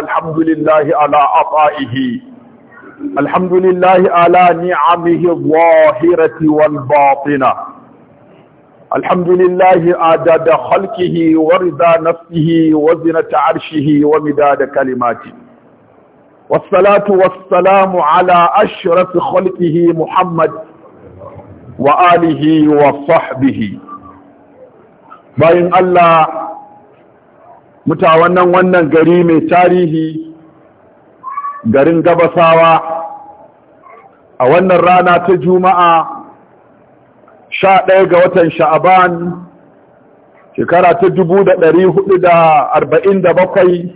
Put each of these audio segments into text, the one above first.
الحمد لله على عطائه الحمد لله على نعمه الظاهرة والباطنة الحمد لله عدد خلقه ورضا نفسه وزنة عرشه ومداد كلماته والصلاة والسلام على أشرف خلقه محمد وآله وصحبه باين الله mutawannan wannan gari mai tarihi garin gabasawa a wannan rana ta juma'a sha ɗaya ga watan sha'aban shekara ta dubu da ɗari hudu da arba'in da bakwai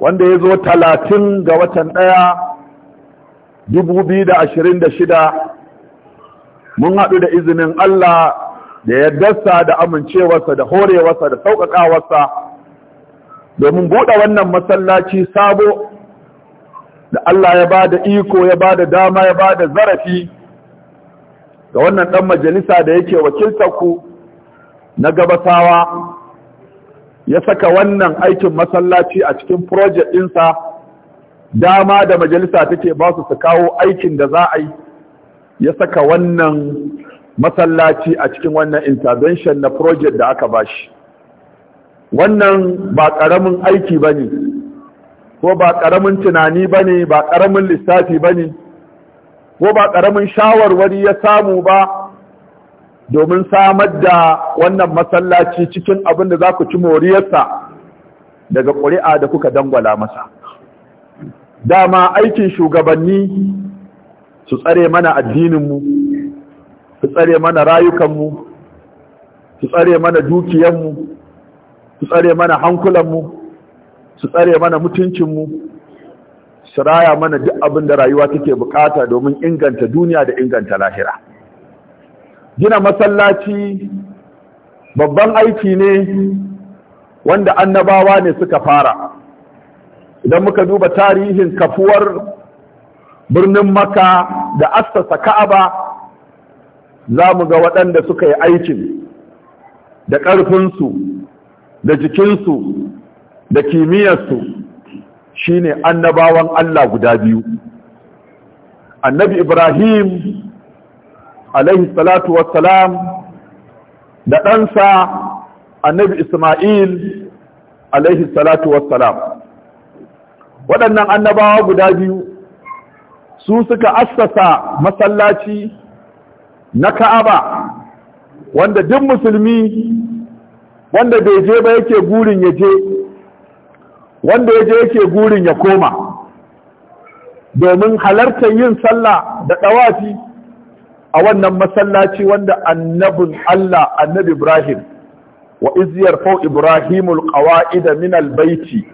wanda ya zo talatin ga watan ɗaya dubu biyu da ashirin da shida mun haɗu da izinin Allah da yaddarsa da amincewarsa da horewarsa da sauƙaƙawarsa domin buɗe wannan masallaci sabo da Allah ya ba da iko ya ba da dama ya ba da zarafi ga wannan ɗan majalisa da yake wakiltarku na gabasawa ya saka wannan aikin masallaci a cikin project ɗinsa dama da majalisa take ba su su kawo aikin da za a yi ya saka wannan masallaci a cikin wannan intervention na project da aka bashi wannan ba ƙaramin aiki ba ne ko ba ƙaramin tunani ba ne ba ƙaramin lissafi ba ne ko ba ƙaramin shawarwari ya samu ba domin samar da wannan masallaci cikin abin da za ku ci moriyarsa daga ƙuri'a da kuka dangwala masa dama aikin shugabanni su tsare mana addininmu su tsare mana rayukanmu su tsare mana dukiyanmu su tsare mana hankulanmu su tsare mana mutuncinmu su raya mana duk abin da rayuwa take bukata domin inganta duniya da inganta lahira gina masallaci babban aiki ne wanda annabawa ne suka fara idan muka duba tarihin kafuwar birnin maka da assasa ka'aba za mu ga waɗanda suka yi aikin da ƙarfinsu da jikinsu da kimiyyarsu shi ne annabawan Allah guda biyu annabi Ibrahim alaihi salatu wassalam da ɗansa annabi Ismail alaihi salatu wassalam waɗannan annabawa guda biyu su suka assasa masallaci na ka'aba wanda duk musulmi wanda bai je ba yake gurin ya je wanda ya je yake gurin ya koma domin halartar yin sallah da ɗawafi a wannan masallaci wanda annabin Allah annabi Ibrahim wa iziyar fau Ibrahimul qawa'ida min albaiti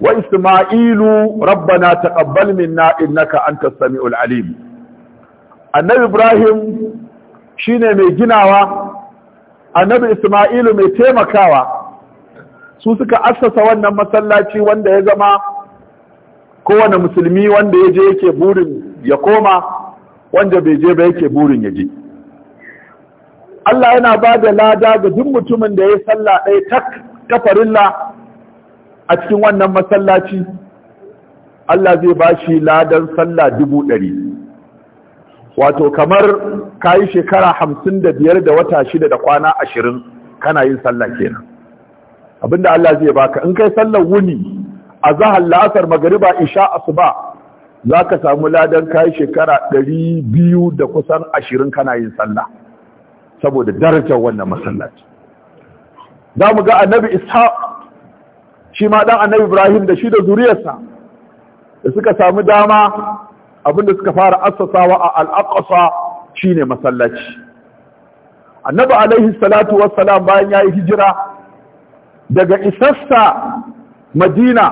wa Isma'ilu rabbana taqabbal minna innaka antas samiul alim annabi Ibrahim shine mai ginawa annabi Isma'ilu mai taimakawa su suka assasa wannan masallaci wanda ya zama kowane musulmi wanda ya je yake burin ya koma wanda bai je ba yake burin ya je Allah yana ba da lada ga duk mutumin da ya sallah ɗaya tak kafarilla a cikin wannan masallaci Allah zai ba shi ladan sallah dubu ɗari wato kamar ka yi shekara hamsin da biyar da wata shida da kwana ashirin kana yin sallah kenan abinda Allah zai baka in kai sallar wuni a zahar la'asar magariba isha asuba za ka samu ladan ka yi shekara ɗari biyu da kusan ashirin kana yin sallah saboda darajar wannan masallaci za mu ga annabi ishaq shi ma dan annabi ibrahim da shi da zuriyarsa da suka samu dama abinda suka fara assasawa a al'akasa shi shine masallaci annabi alaihi salatu wassalam bayan ya yi hijira daga isassa madina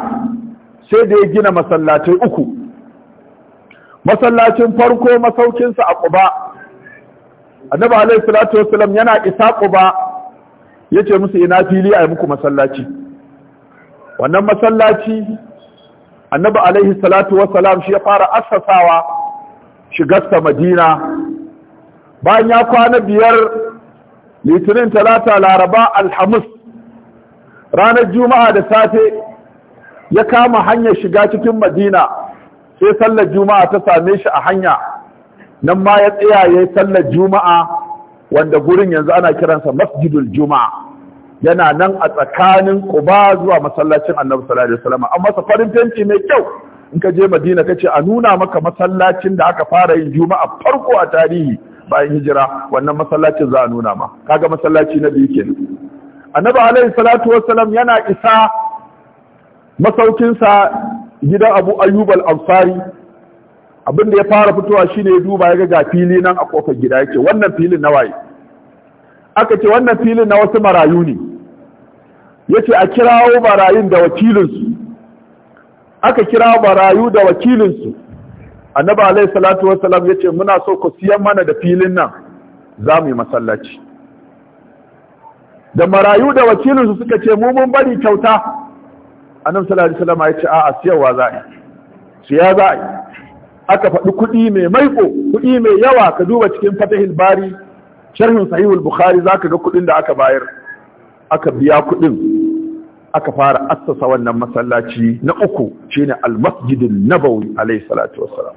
sai da ya gina masallatai uku masallacin farko masaukinsa a ƙuba. annabi alaihi salatu wassalam yana isa ƙuba, yace musu ina fili a yi muku masallaci wannan masallaci annabi alaihi salatu wassalam shi ya fara assasawa shigarsa madina bayan ya kwana biyar litinin talata laraba alhamis ranar juma'a da safe ya kama hanyar shiga cikin madina sai sallar juma'a ta same shi a hanya nan ma ya tsaya ya yi sallar juma'a wanda gurin yanzu ana kiransa masjidul juma'a yana nan a tsakanin kuba zuwa masallacin Annabi sallallahu alaihi wasallam an masa farin fenti mai kyau in ka je Madina ce a nuna maka masallacin da aka fara yin Juma'a farko a tarihi bayan hijira wannan masallacin za a nuna ma kaga masallaci na biyu kenan Annabi alaihi salatu wasallam yana isa masaukin sa gidan Abu Ayyub al-Ansari abinda ya fara fitowa shine ya duba ya ga fili nan a kofar gida yake wannan filin na waye aka ce wannan filin na wasu marayu ne yace a kirawo barayin da wakilinsu aka kira marayu da wakilinsu annabi alayhi salatu wassalam yace muna so ku siyan mana da filin nan za mu yi masallaci da marayu da wakilinsu suka ce mu mun bari kyauta annabi sallallahu alaihi wasallam yace a'a siyarwa za a siya za a aka faɗi kuɗi mai maiko kuɗi mai yawa ka duba cikin fatahil bari sharhin sahihul bukhari zaka ga kuɗin da aka bayar aka biya kuɗin aka fara assasa wannan masallaci na uku shine al-masjidun nabawi alayhi salatu wassalam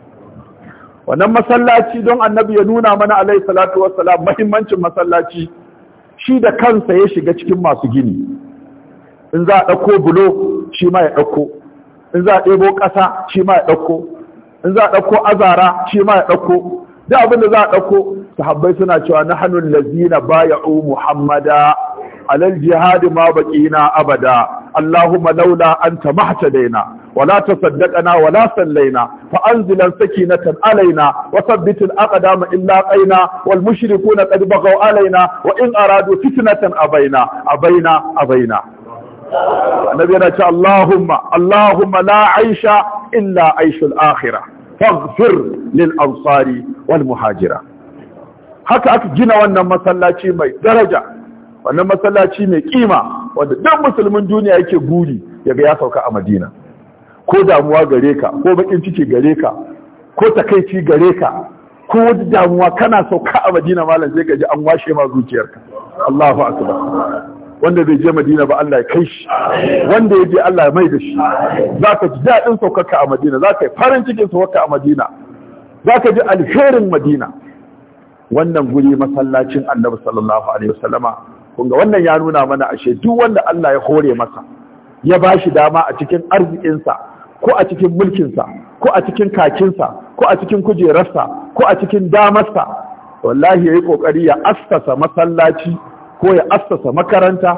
wannan masallaci don annabi ya nuna mana alayhi salatu wassalam muhimmancin masallaci shi da kansa ya shiga cikin masu gini in za a dauko bulo shi ma ya ɗauko in za a debo ƙasa shi ma ya ɗauko in za a dauko azara shi ma ya ɗauko duk abin da za a ɗauko sahabbai suna cewa na hannun lazina u muhammada alal jihadi ma baqina abada allahumma laula anta mahtadaina ولا تصدقنا ولا صلينا فأنزل سكينة علينا وثبت الأقدام إلا قينا والمشركون قد بغوا علينا وإن أرادوا فتنة أبينا أبينا أبينا النبي نجا اللهم اللهم لا عيش إلا عيش الآخرة فاغفر للأنصار والمهاجرة haka aka gina wannan masallaci mai daraja wannan masallaci mai kima wanda duk musulmin duniya yake buri yaga ya sauka a Madina ko damuwa gare ka ko bakin ciki gare ka ko takaici gare ka ko damuwa kana sauka a Madina malam zai gaji an washe ma zuciyarka Allahu akbar wanda bai je Madina ba Allah ya kai shi wanda ya je Allah ya mai da shi zaka ji dadin saukarka a Madina zaka yi farin cikin saukarka a Madina zaka ji alherin Madina wannan guri masallacin Annabi sallallahu alaihi wasallama kun wannan ya nuna mana ashe duk wanda Allah ya hore masa ya ba shi dama a cikin arzikinsa ko a cikin mulkinsa ko a cikin kakinsa ko a cikin kujerarsa ko a cikin damarsa wallahi ya yi ƙoƙari ya assasa masallaci ko ya assasa makaranta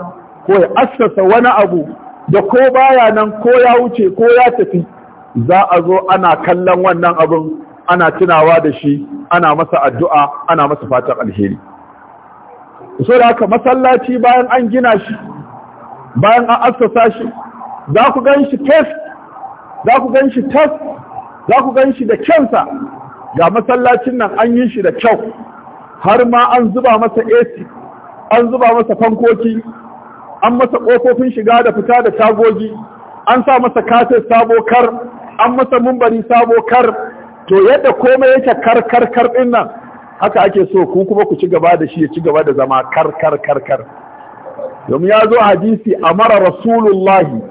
ko ya assasa wani abu da ko baya nan ko ya wuce ko ya tafi za a zo ana kallon wannan abun ana tunawa da shi ana masa addu'a ana masa fatan alheri so da haka masallaci bayan an gina shi bayan an assasa shi za ku gan shi tes za ku gan shi tes za ku gan shi da kyansa ga masallacin nan an yi shi da kyau har ma an zuba masa AC an zuba masa fankoki an masa ƙofofin shiga da fita da tagogi an sa masa kate sabo kar an masa mumbari sabo kar to yadda komai yake kar kar kar din nan haka ake so ku kuma ku ci gaba da shi ya ci gaba da zama kar kar kar kar domin ya zo hadisi amara rasulullahi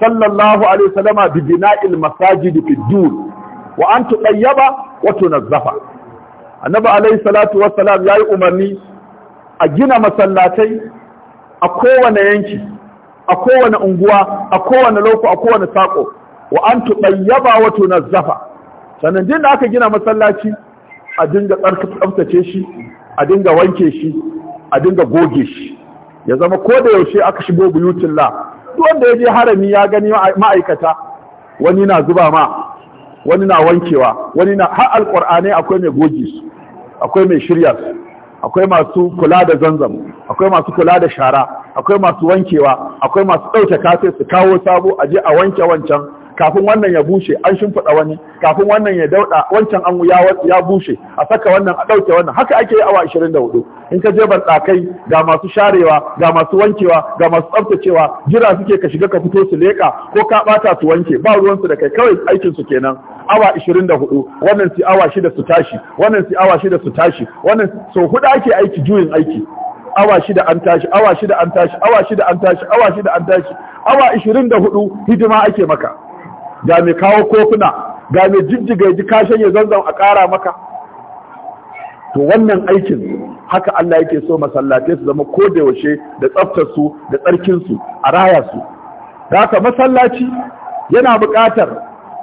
sallallahu alaihi wasallama bi bina'il masajid fi dun wa an tudayyaba wa tunazzafa annabi alaihi salatu wassalam yayi umarni a gina masallatai a kowane yanki a kowane unguwa a kowane loko a kowane sako wa an tudayyaba wa tunazzafa sannan din da aka gina masallaci a dinga tsaftace shi a dinga wanke shi a dinga goge shi ya zama ko da yaushe aka shigo buyutin la duk wanda ya je harami ya gani ma'aikata wani na zuba ma wani na wankewa wani na har alqur'ani akwai mai goge su akwai mai shirya su akwai masu kula da zanzam akwai masu kula da shara akwai masu wankewa akwai masu ɗauke kase su kawo sabo a je a wanke wancan kafin wannan ya bushe an fada wani kafin wannan ya dauɗa wancan an ya bushe a saka wannan a ɗauke wannan haka ake yi awa 24 in ka je barɗakai ga masu sharewa ga masu wankewa ga masu tsaftacewa jira suke ka shiga ka fito su leƙa ko ka ɓata su wanke ba ruwansu da kai kawai aikin su kenan awa 24 wannan si awa shida su tashi wannan si awa shida su tashi wannan so huda ake aiki juyin aiki awa shida an tashi awa shida an tashi awa shida an tashi awa shida an tashi awa 24 hidima ake maka ga mai kawo kofuna ga mai jijjiga ji kashen ya zanzan a ƙara maka to wannan aikin haka Allah yake so masallatai su zama ko da yaushe da tsaftar su da tsarkin a raya su haka masallaci yana buƙatar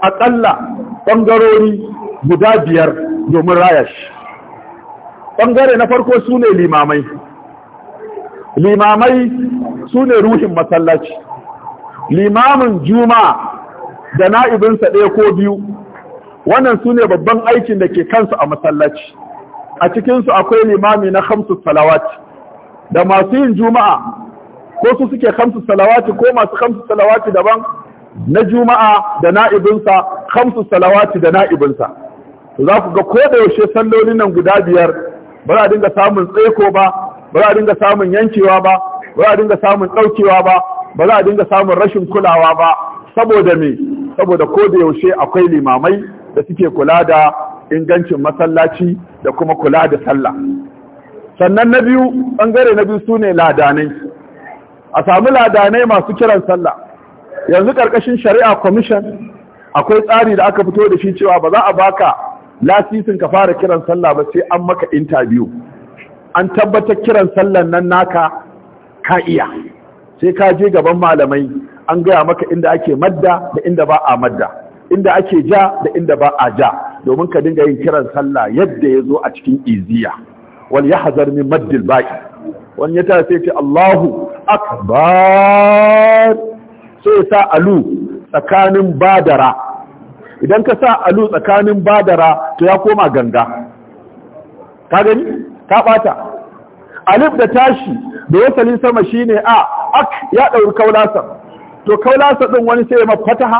aƙalla ɓangarori guda biyar domin raya shi ɓangare na farko su ne limamai limamai su ne ruhin masallaci limamin juma'a da na'ibinsa ɗaya ko biyu wannan su ne babban aikin da ke kansu a masallaci a cikinsu akwai limami na hamsu salawati da masu yin juma'a ko su suke hamsu salawati ko masu hamsu salawati daban na juma'a da na'ibinsa hamsu salawati da na'ibinsa za ku ga ko da yaushe sallolin nan guda biyar ba za a dinga samun tsaiko ba ba za a dinga samun yankewa ba ba za a dinga samun ɗaukewa ba ba za a dinga samun rashin kulawa ba saboda me saboda ko da yaushe akwai limamai da suke kula da ingancin masallaci da kuma kula da sallah sannan na biyu bangare na biyu sune ladanai a samu ladanai masu kiran sallah yanzu karkashin shari'a commission akwai tsari da aka fito da shi cewa ba za a baka lasisin ka fara kiran sallah ba sai an maka interview an tabbatar kiran sallan nan naka ka iya sai ka je gaban malamai an gaya maka inda ake madda da inda ba a madda inda ake ja da inda ba a ja domin ka dinga yin kiran sallah yadda ya zo a cikin iziya wal yahzar min maddil baqi wani ya tara sai ce Allahu akbar sai ya sa alu tsakanin badara idan ka sa alu tsakanin badara to ya koma ganga ka gani ka bata alif da tashi da yasalin sama shine a ak ya ɗauri kaulasa to kaulasa ɗin wani sai ya masa fataha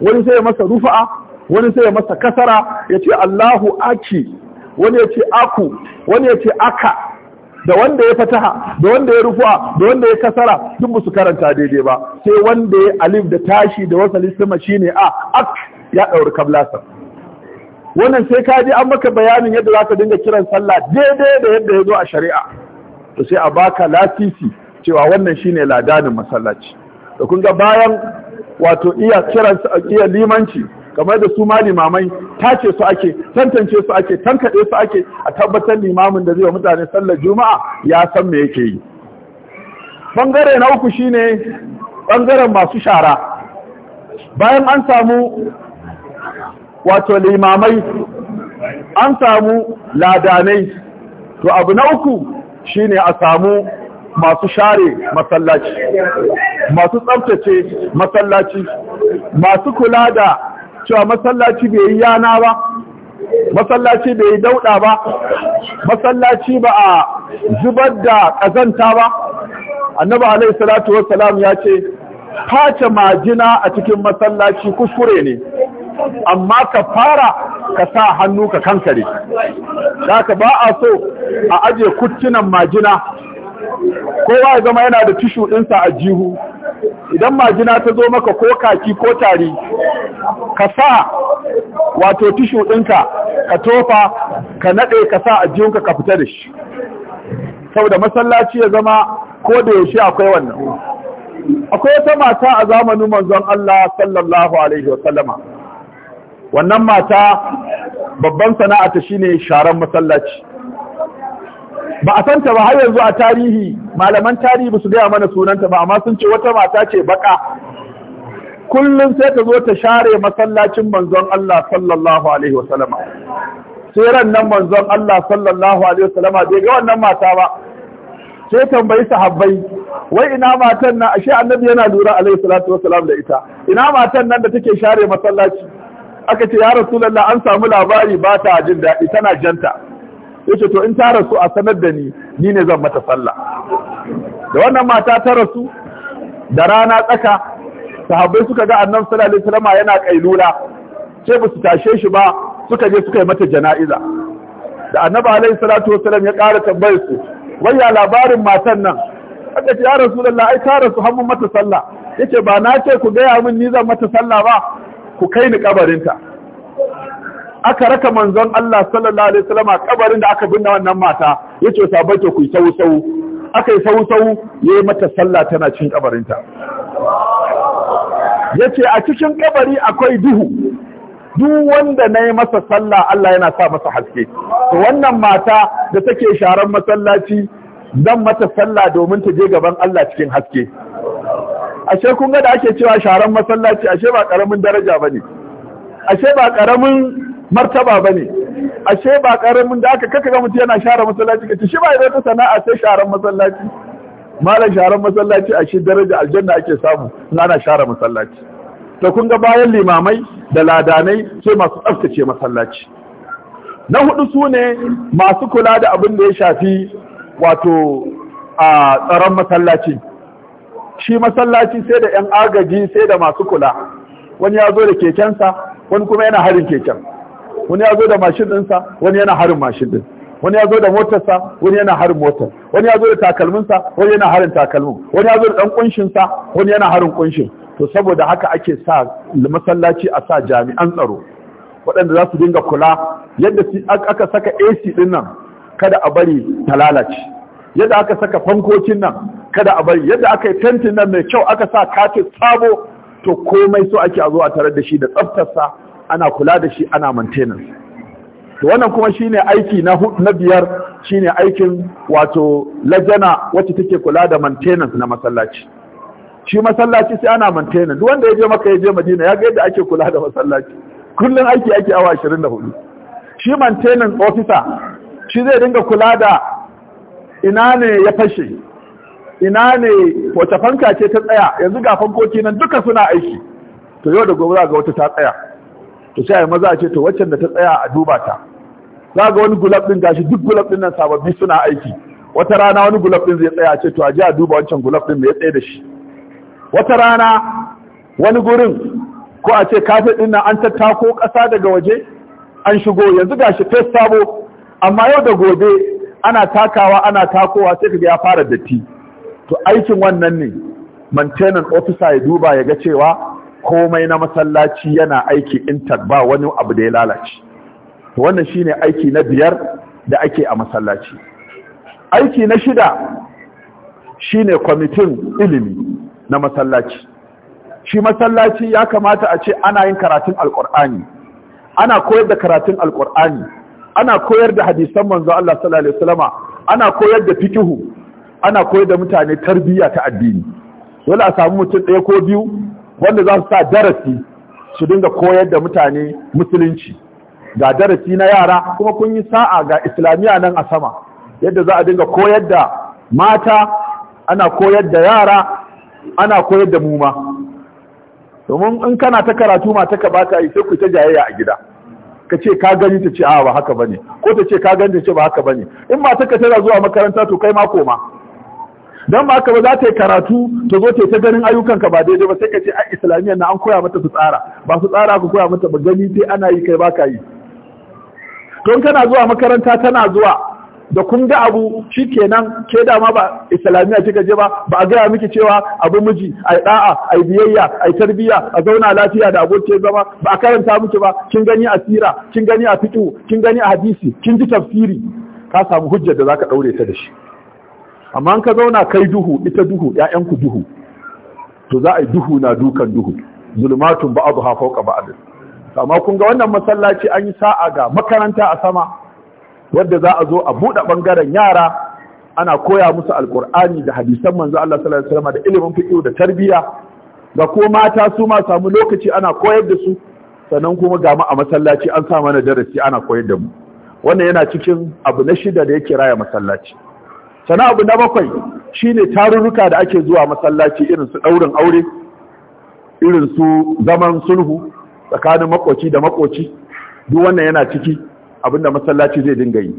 wani sai ya masa rufa'a wani sai ya masa kasara ya ce Allahu aki wani ya ce aku wani ya ce aka da wanda ya fataha da wanda ya rufa, da wanda ya kasara duk ba su karanta daidai ba sai wanda ya alif da tashi da wasali sama shine a ak ya dauri kablasa wannan sai ka ji an maka bayanin yadda zaka dinga kiran sallah daidai da yadda ya zo a shari'a to sai a baka lasisi cewa wannan shine ladanin masallaci da kun ga bayan wato iya kiran iya limanci kamar da su ma limamai tace su ake tantance su ake tankade su ake a tabbatar limamin da zai wa mutane sallar juma'a ya san me yake yi bangare na uku shine bangaren masu shara bayan an samu wato limamai an samu ladanai to abu na uku shine a samu masu share masallaci masu tsabtace masallaci masu kula da cewa masallaci bai yi yana ba masallaci bai yi dauda ba masallaci ba a zubar da kazanta ba annabi alayhi salatu wassalam ya ce face majina a cikin masallaci kuskure ne amma ka fara ka sa hannu ka kankare da ka ba a so a aje kuttunan majina kowa ya zama yana da tishu ɗinsa a jihu idan majina ta zo maka ko kaki ko tari ka sa wato tishu ɗinka ka tofa ka naɗe ka sa a jihunka ka fita da shi saboda masallaci ya zama ko da yaushe akwai wannan akwai wata mata a zamanin manzon Allah sallallahu alaihi wa sallama wannan mata babban sana'ata shine sharan masallaci ba a santa ba har yanzu a tarihi malaman tarihi ba su gaya mana sunanta ba amma sun ce wata mata ce baka kullum sai ta zo ta share masallacin manzon Allah sallallahu alaihi wa sallama sai ran nan manzon Allah sallallahu alaihi sallama bai ga wannan mata ba sai tambayi sahabbai wai ina matan nan ashe annabi yana lura alaihi salatu wasalam da ita ina matan nan da take share masallaci aka ce ya rasulullah an samu labari ba ta jin daɗi tana janta yace to in ta rasu a sanar da ni ni ne zan mata sallah da wannan mata ta rasu da rana tsaka sahabbai suka ga annabi sallallahu alaihi wasallam yana kailula sai ba su tashe shi ba suka je suka yi mata jana'iza da annabi alaihi salatu wasallam ya ƙara tambayar su wai ya labarin matan nan aka ce ya rasulullah ai ta rasu har mun mata sallah yace ba na ce ku gaya mun ni zan mata sallah ba ku kai ni kabarinta aka raka manzon Allah sallallahu alaihi wasallam kabarin da aka binne wannan mata yace ta ta ku sau sau aka yi sau sau yayi mata sallah tana cin ta yace a cikin kabari akwai duhu duk wanda nayi masa sallah Allah yana sa masa haske to wannan mata da take sharan masallaci zan mata sallah domin ta je gaban Allah cikin haske ashe kun ga da ake cewa sharan masallaci ashe ba karamin daraja bane ashe ba karamin martaba ba ne ashe ba karamin da aka kaka ga mutum yana share masallaci kace shi ba ya ta sana'a sai sharan masallaci malam sharan masallaci ashe daraja aljanna ake samu ana share masallaci to kun ga bayan limamai da ladanai sai masu tsaftace masallaci na hudu su ne masu kula da abin da ya shafi wato a tsaron masallaci shi masallaci sai da 'yan agaji sai da masu kula wani ya zo da kekensa wani kuma yana harin keken wani ya zo da mashin ɗinsa wani yana harin mashin ɗin wani ya zo da motarsa wani yana harin motar wani ya zo da takalminsa wani yana harin takalmin wani ya zo da ɗan ƙunshinsa wani yana harin ƙunshin to saboda haka ake sa masallaci a sa jami'an tsaro waɗanda za su dinga kula yadda aka saka AC ɗin nan kada a bari ta lalace yadda aka saka fankocin nan kada a bari yadda aka yi tentin nan mai kyau aka sa katin sabo to komai so ake a zo a tarar da shi da tsaftarsa ana kula da shi ana maintenance to wannan kuma shine aiki na na biyar shine aikin wato lajana wacce take kula da maintenance na masallaci shi masallaci sai ana maintenance duk wanda ya je maka ya je madina ya ga yadda ake kula da masallaci kullun aiki ake awa 24 shi maintenance officer shi zai dinga kula da ina ne ya fashe ina ne wata fanka ce ta tsaya yanzu ga fankoki nan duka suna aiki to yau da gobe za ga wata ta tsaya to sai maza a ce to waccan da ta tsaya a duba ta za ga wani gulab din gashi duk gulab din nan sababbi suna aiki wata rana wani gulab din zai tsaya a ce to a je a duba wancan gulab din me ya tsaye da shi wata rana wani gurin ko a ce kafin din nan an tattako kasa daga waje an shigo yanzu gashi fes sabo amma yau da gobe ana takawa ana takowa sai kaga ya fara datti to aikin wannan ne maintenance officer ya duba ya ga cewa komai na masallaci yana aiki intact ba wani abu da ya lalace wannan shine aiki na biyar da ake a masallaci aiki na shida shine kwamitin ilimi na masallaci shi masallaci ya kamata a ce ana yin karatun alkur'ani ana koyar da karatun alkur'ani ana koyar da hadisan manzo Allah sallallahu alaihi wasallama ana koyar da fikihu ana koyar da mutane tarbiyya ta addini dole a samu mutum ɗaya ko biyu wanda za su sa darasi su dinga koyar da mutane musulunci ga darasi na yara kuma kun yi sa'a ga islamiyya nan a sama yadda za a dinga koyar da mata ana koyar da yara ana koyar da muma domin in kana ta karatu mata ka bata yi sai ku ta jayayya a gida ka ce ka gani ta ce a ba haka bane ko ta ce ka gani ta ce ba haka bane in mata ka tana zuwa makaranta to kai ma koma dan ba haka ba za ta yi karatu ta zo ta ta ganin ayyukan ka ba daidai ba sai ka ce a islamiyyar na an koya mata su tsara ba su tsara ku koya mata ba gani sai ana yi kai baka yi don kana zuwa makaranta tana zuwa da kun ga abu shi kenan ke dama ba islamiyya kika je ba ba a gaya miki cewa abu miji ai da'a yi biyayya yi tarbiyya a zauna lafiya da abokin zama ba a karanta miki ba kin gani a sira kin gani a fiqh kin gani a hadisi kin ji tafsiri ka samu hujjar da zaka daure ta da shi amma an ka zauna kai duhu ita duhu ƴaƴanku duhu to za a yi duhu na dukan duhu zulmatun ka ba ba'd amma kun ga wannan masallaci an yi sa'a ga makaranta a sama wadda za a zo a buɗe bangaren yara ana koya musu alkur'ani da hadisan manzo Allah sallallahu alaihi wasallam da ilimin fiqh da tarbiyya ga ko mata su ma samu lokaci ana koyar da su sannan kuma ga mu a masallaci an sa mana darasi ana koyar da mu wannan yana cikin abu na shida da yake raya masallaci sana abu na bakwai shine tarurruka da ake zuwa masallaci irin su ɗaurin aure irin su zaman sulhu tsakanin makoci da makoci duk wannan yana ciki abinda masallaci zai dinga yi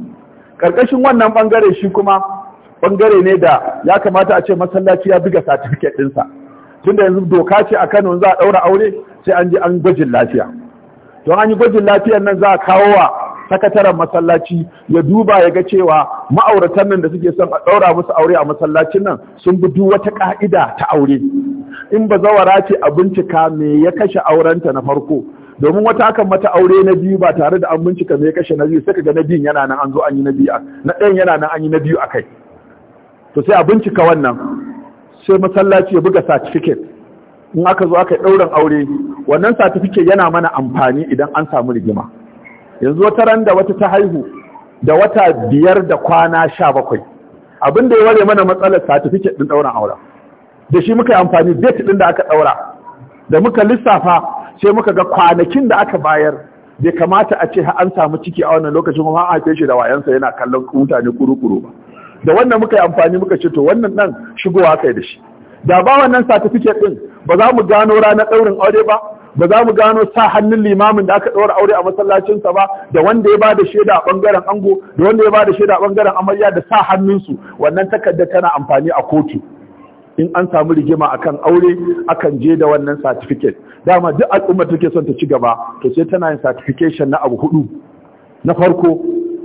Ƙarƙashin wannan bangare shi kuma bangare ne da ya kamata a ce masallaci ya buga certificate ɗinsa tunda yanzu doka ce a Kano za a ɗaura aure sai an je an gwajin lafiya don an yi gwajin lafiyar nan za a kawo wa sakataren masallaci ya duba ya ga cewa ma'auratan nan da suke son a ɗaura musu aure a masallacin nan sun bi duk wata ƙa'ida ta aure in ba zawara ce a bincika me ya kashe aurenta na farko domin wata akan mata aure na biyu ba tare da an bincika me ya kashe na biyu sai ga na biyun yana nan an zo an yi na biyu na ɗayan yana nan an yi na biyu a kai to sai a bincika wannan sai masallaci ya buga certificate in aka zo aka yi ɗaurin aure wannan certificate yana mana amfani idan an samu rigima yanzu wata ran da wata ta haihu da wata biyar da kwana sha bakwai abin da ya ware mana matsalar certificate ɗin ɗaura aura da shi muka yi amfani date ɗin da aka ɗaura da muka lissafa sai muka ga kwanakin da aka bayar bai kamata a ce an samu ciki a wannan lokacin kuma an haife shi da wayansa yana kallon mutane kuru-kuru ba da wannan muka yi amfani muka ce to wannan dan shigowa kai da shi da ba wannan certificate din ba za mu gano ranar ɗaurin aure ba ba za mu gano sa hannun limamin da aka ɗaura aure a masallacinsa ba da wanda ya ba da shaida a ɓangaren ango da wanda ya ba da shaida a ɓangaren amarya da sa hannunsu wannan takarda tana amfani a kotu in an samu rigima akan aure akan je da wannan certificate dama duk al'ummar take son ta ci gaba to sai tana yin certification na abu hudu na farko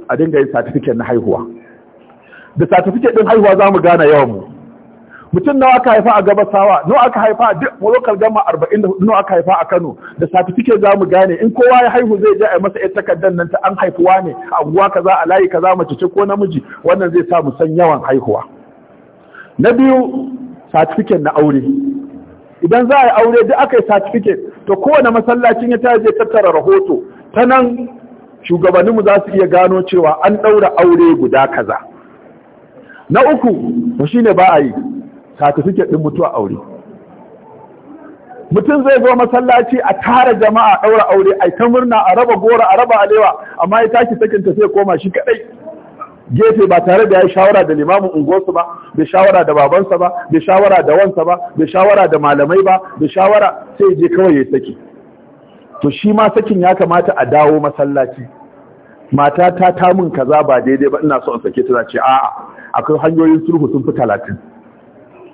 a dinga yin certificate na haihuwa da satifiket din haihuwa za mu gane yawan mu mutum nawa aka haifa a gabasawa nawa aka haifa a duk local gama 44 nawa aka haifa a Kano da satifiket za mu gane in kowa ya haihu zai je a masa ita takardar nan ta an haifuwa ne a guwa kaza a layi kaza mace ce ko namiji wannan zai sa mu san yawan haihuwa na biyu satifiket na aure idan za a yi aure duk aka yi satifiket, to kowane masallacin ya taje tattara rahoto ta nan shugabanninmu za su iya gano cewa an ɗaura aure guda kaza na uku ba shi ne ba a yi suke ɗin mutuwa aure mutum zai zo masallaci a tara jama'a ɗaura aure ai ta murna a raba gora a raba alewa amma ya tashi sakin sai koma shi kadai gefe ba tare da ya shawara da limamin unguwarsu ba da shawara da babansa ba da shawara da wansa ba da shawara da malamai ba da shawara sai je kawai ya saki to shi ma sakin ya kamata a dawo masallaci mata ta mun kaza ba daidai ba ina so in sake ta ce a'a akwai hanyoyin sulhu sun fi talatin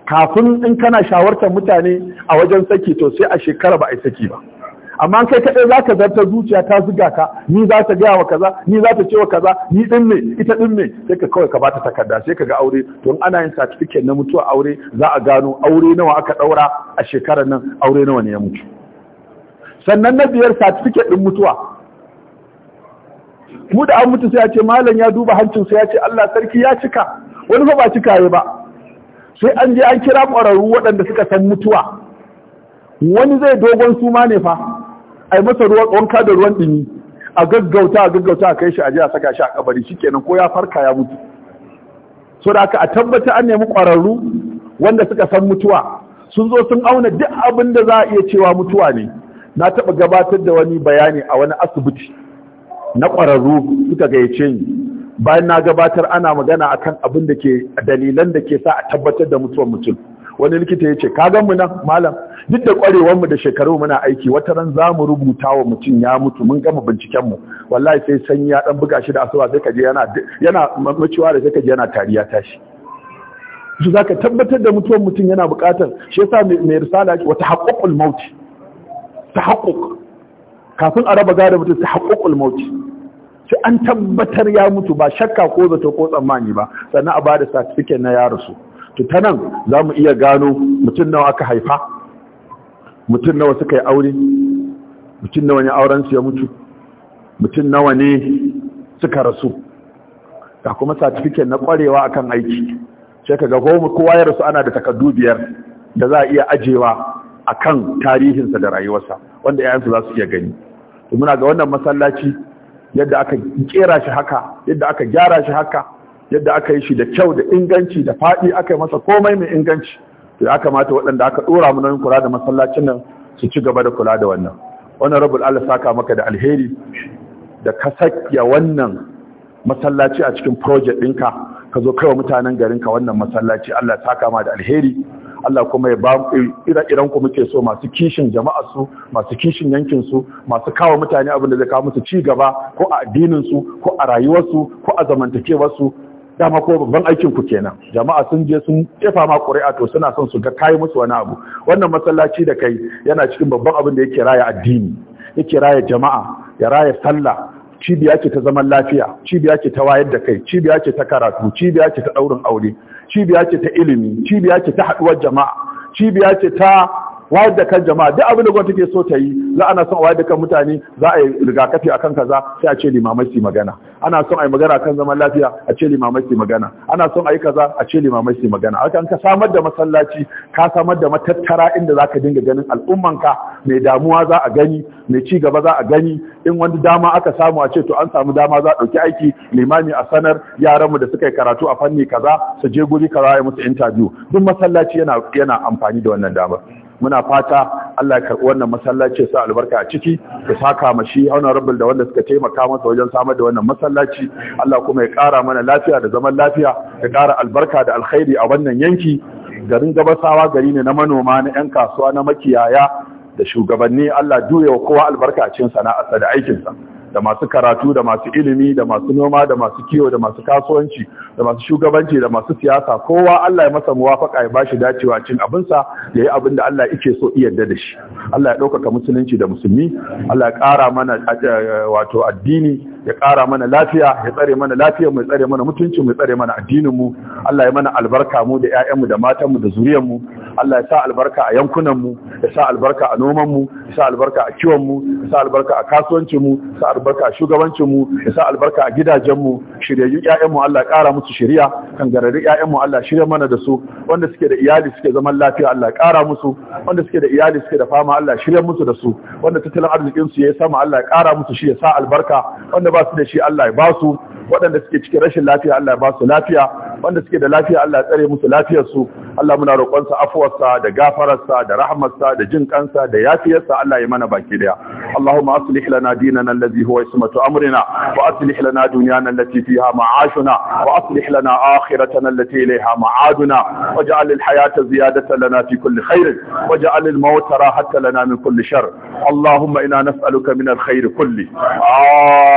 kafin in kana shawartar mutane a wajen saki to sai a shekara ba a yi saki ba amma kai kaɗai za ka zarta zuciya ta zuga ka ni za ta gaya wa kaza ni za ta ce wa kaza ni ɗin ne ita ɗin ne sai ka kawai ka bata takarda sai ka ga aure to ana yin certificate na mutuwa aure za a gano aure nawa aka ɗaura a shekarar nan aure nawa ne ya mutu sannan na biyar certificate din mutuwa mu da an mutu sai ya ce malam ya duba hancin hancinsa ya ce Allah sarki ya cika wani fa ba cika ba sai an je an kira ƙwararru waɗanda suka san mutuwa wani zai dogon suma ne fa ai masa ruwan wanka da ruwan ɗini a gaggauta a gaggauta a kai shi a je a saka shi a kabari kenan ko ya farka ya mutu so da aka a tabbata an nemi ƙwararru wanda suka san mutuwa sun zo sun auna duk abin da za a iya cewa mutuwa ne na taɓa gabatar da wani bayani a wani asibiti na ƙwararru suka gayyace ni bayan na gabatar ana magana akan abin da ke dalilan da ke sa a tabbatar da mutuwar mutum wani likita ya ce gan mu nan malam duk da kwarewar mu da shekaru muna aiki wata ran za mu rubuta wa mutum ya mutu mun gama binciken mu wallahi sai sanyi ya dan buga shi da asuba sai kaje yana yana maciwa da sai kaje yana tariya tashi su ka tabbatar da mutuwar mutum yana bukatar shi yasa mai risala wa mauti ta tahaqquq kafin a raba gado mutum tahaqqul mauti sai an tabbatar ya mutu ba shakka ko zato ko tsammani ba sannan a bada certificate na ya rasu to ta nan za mu iya gano mutum nawa aka haifa mutum nawa suka yi aure mutum nawa ne auren su ya mutu mutum nawa ne suka rasu da kuma certificate na kwarewa akan aiki sai kaga kowa ya rasu ana da takardu biyar da za a iya ajewa akan tarihinsa da rayuwarsa wanda 'ya'yansu za su iya gani to muna ga wannan masallaci yadda aka kera shi haka yadda aka gyara shi haka yadda aka yi shi da kyau da inganci da faɗi aka yi masa komai mai inganci to ya kamata waɗanda aka ɗora mu nan kula da masallacin nan su ci gaba da kula da wannan wannan rabbul Allah saka maka da alheri da ka sakya wannan masallaci a cikin project ɗinka ka zo kai wa mutanen garinka wannan masallaci Allah saka ma da alheri Allah kuma ya ba ire-iren ku muke so masu kishin jama'a su masu kishin yankin su masu kawo mutane abin da zai kawo musu ci gaba ko a addinin su ko a rayuwarsu, su ko a zamantakewar su dama ko babban aikin ku kenan jama'a sun je sun kefa ma ƙuri'a to suna son su ga kai musu wani abu wannan masallaci da kai yana cikin babban abin da yake raya addini yake raya jama'a ya raya sallah cibiya ce ta zaman lafiya cibiya ce ta wayar da kai cibiya ce ta karatu cibiya ce ta daurin aure cibiya ce ta ilimi cibiya ce ta haɗuwar jama'a cibiya ce ta wayar da kan jama'a duk abin da gwamnati ke so ta yi za ana son wayar da kan mutane za a yi rigakafi akan kaza sai a ce limamai su magana ana son a yi magana kan zaman lafiya a ce limamai su magana ana son a yi kaza a ce limamai su magana haka ka samar da masallaci ka samar da matattara inda za ka dinga ganin al'umman ka mai damuwa za a gani mai ci gaba za a gani in wani dama aka samu a ce to an samu dama za a ɗauki aiki limami a sanar yaran mu da suka yi karatu a fanni kaza su je guri kaza ya musu interview duk masallaci yana yana amfani da wannan damar. muna fata Allah ya karɓi wannan masallaci sa albarka a ciki ka saka ma shi rabbul da wanda suka taimaka masa wajen samar da wannan masallaci Allah kuma ya kara mana lafiya da zaman lafiya ya kara albarka da alkhairi a wannan yanki garin gabasawa gari ne na manoma na 'yan kasuwa na makiyaya da shugabanni Allah juya wa kowa albarka a cikin sana'arsa da aikinsa da masu karatu da masu ilimi da masu noma da masu kiwo da masu kasuwanci da masu shugabanci da masu siyasa kowa Allah ya masa muwafaka ya bashi dacewa cin abinsa ya yi abin da Allah yake so yarda da shi Allah ya ɗaukaka musulunci da musulmi Allah ya ƙara mana eh, wato addini ya ƙara mana lafiya ya tsare mana lafiya mu ya tsare mana mutunci mai tsare mana addinin mu Allah ya mana albarka mu da ƴaƴan mu da matan mu da zuriyar mu Allah ya sa albarka a yankunan mu ya sa albarka a noman mu ya sa albarka a kiwon mu ya sa albarka a kasuwancin mu ya sa albarka a shugabancin mu ya sa albarka a gidajen mu shiryayyu Allah ya ƙara musu shiriya kan garari mu Allah shirya mana da su wanda suke da iyali suke zaman lafiya Allah ya ƙara musu wanda suke da iyali suke da fama Allah shirya musu da su wanda tattalin arzikin su ya sama Allah ya ƙara musu shi ya sa albarka wanda ba su da shi Allah ya ba su waɗanda suke cikin rashin lafiya Allah ya ba su lafiya wanda suke da lafiya Allah ya tsare musu lafiyar su Allah muna roƙon sa afuwarsa da gafararsa da rahmarsa da jin kansa da yafiyarsa Allah ya mana baki daya Allahumma aslih lana dinana alladhi huwa ismatu amrina wa aslih lana dunyana allati fiha ma'ashuna wa aslih lana akhiratana allati ilayha ma'aduna waj'al al-hayata ziyadatan lana fi kulli khair waj'al al-mauta rahatan lana min kulli shar Allahumma inna nas'aluka min al-khair kulli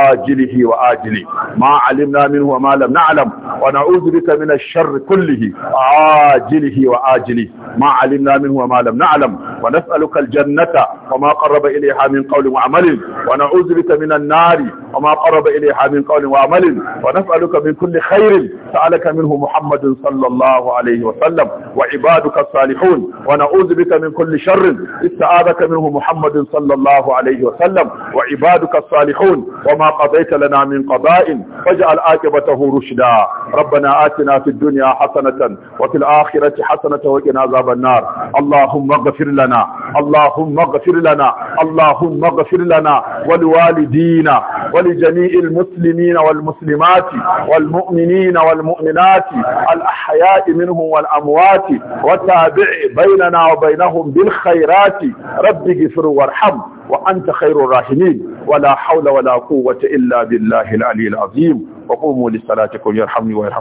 ajilihi wa ajili ma 'alimna minhu wa ma lam na'lam wa na'udhu bika من الشر كله عاجله وآجله ما علمنا منه وما لم نعلم ونسألك الجنة وما قرب إليها من قول وعمل ونعوذ بك من النار وما قرب إليها من قول وعمل ونسألك من كل خير سألك منه محمد صلى الله عليه وسلم وعبادك الصالحون ونعوذ بك من كل شر استعاذك منه محمد صلى الله عليه وسلم وعبادك الصالحون وما قضيت لنا من قضاء فاجعل عاقبته رشدا ربنا آتنا في الدنيا حسنة وفي الآخرة حسنة وقنا عذاب النار اللهم اغفر لنا اللهم اغفر لنا اللهم اغفر لنا ولوالدينا ولجميع المسلمين والمسلمات والمؤمنين والمؤمنات الأحياء منهم والأموات وتابع بيننا وبينهم بالخيرات رب اغفر وارحم وأنت خير الراحمين ولا حول ولا قوة إلا بالله العلي العظيم وقوموا لصلاتكم يرحمني ويرحمني